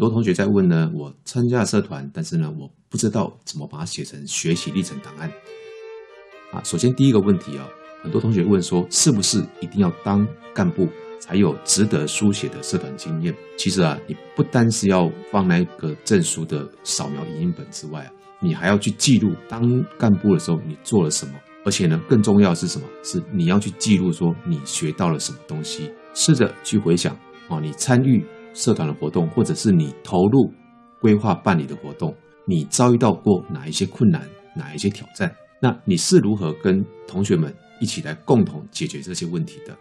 很多同學在問呢，我參加了社團，但是呢，我不知道怎麼把它寫成學習歷程檔案。啊，首先第一個問題啊，很多同學問說，是不是一定要當幹部才有值得書寫的社團經驗？其實啊，你不單是要放那個證書的掃描影印本之外啊，你還要去記錄當幹部的時候你做了什麼，而且呢，更重要的是什麼？是你要去記錄說你學到了什麼東西。試着去回想啊，你參與。社團的活動，或者是你投入、規劃辦理的活動，你遭遇到過哪一些困難，哪一些挑戰？那你是如何跟同學們一起來共同解決這些問題的？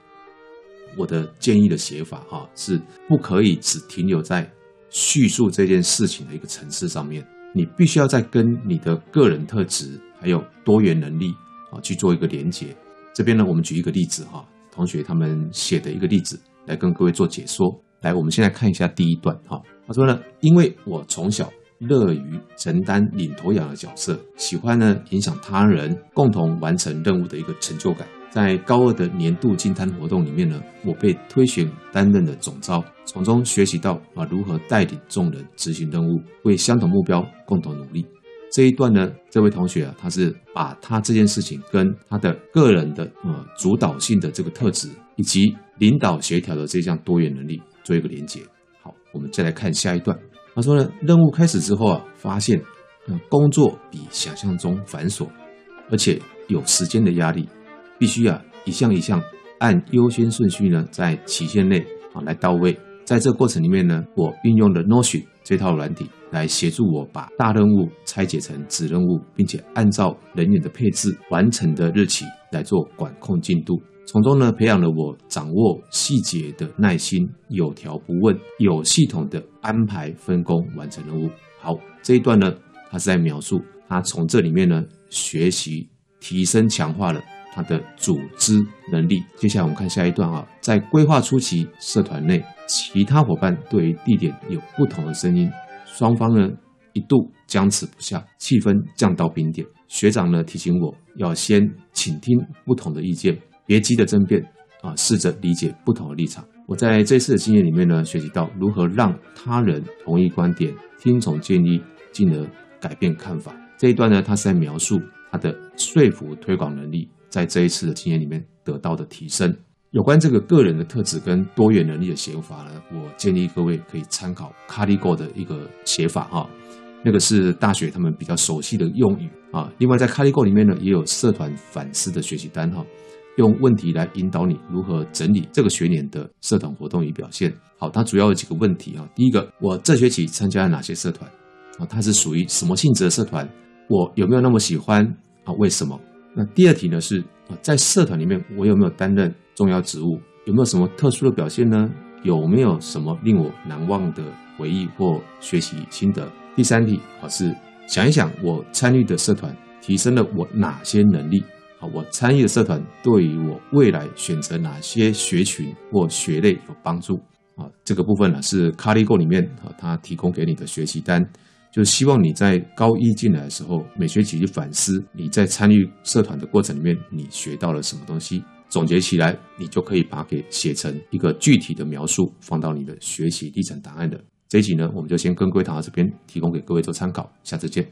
我的建議的寫法哈，是不可以只停留在敘述這件事情的一個層次上面，你必須要再跟你的個人特質還有多元能力啊去做一個連結。這邊呢，我們舉一個例子哈，同學他們寫的一個例子來跟各位做解說。來，我們先來看一下第一段哈。他說呢，因為我從小樂於承擔領頭羊的角色，喜歡呢影響他人，共同完成任務的一個成就感。在高二的年度競攤活動裡面呢，我被推選擔任了總召，從中學習到啊如何帶領眾人執行任務，為相同目標共同努力。這一段呢，這位同學啊，他是把他這件事情跟他的個人的呃主導性的這個特質，以及領導協調的這項多元能力，做一個連接。好，我們再來看下一段。他說呢，任務開始之後啊，發現嗯工作比想象中繁瑣，而且有時間的壓力，必須啊一項一項按優先順序呢，在期限內啊來到位。在這個過程裡面呢，我運用了 Notion 這套軟體來協助我把大任務拆解成子任務，並且按照人員的配置完成的日期來做管控進度。從中呢，培養了我掌握細節的耐心，有條不紊、有系統的安排分工，完成任務。好，這一段呢，他是在描述他從這裡面呢學習、提升、強化了他的組織能力。接下來我們看下一段啊，在規劃初期，社團內其他夥伴對於地點有不同的聲音，雙方呢一度僵持不下，氣氛降到冰點。學長呢提醒我要先傾聽不同的意見。別急著爭辯啊，試着理解不同的立場。我在這次的經驗裡面呢，學習到如何讓他人同意觀點、聽從建議，進而改變看法。這一段呢，他是在描述他的說服推廣能力在這一次的經驗裡面得到的提升。有關這個個人的特質跟多元能力的寫法呢，我建議各位可以參考 ColleGo 的一個寫法哈、啊，那個是大學他們比較熟悉的用語啊。另外，在 ColleGo 裡面呢，也有社團反思的學習單哈。用問題來引導你如何整理這個學年的社團活動與表現。好，它主要有幾個問題啊。第一個，我這學期參加了哪些社團啊？它是屬於什麼性質的社團？我有沒有那麼喜歡啊？為什麼？那第二題呢，是啊，在社團裡面，我有沒有擔任重要職務？有沒有什麼特殊的表現呢？有沒有什麼令我難忘的回憶或學習心得？第三題啊，是想一想，我參與的社團提升了我哪些能力？我參與的社團對於我未來選擇哪些學群或學類有幫助啊？這個部分呢，是 Carigo 裡面啊，它提供給你的學習單，就是希望你在高一進來的時候每學期去反思，你在參與社團的過程裡面你學到了什麼東西，總結起來你就可以把它給寫成一個具體的描述，放到你的學習歷程檔案的。這一集呢，我們就先跟各位談到這邊，提供給各位做參考，下次見。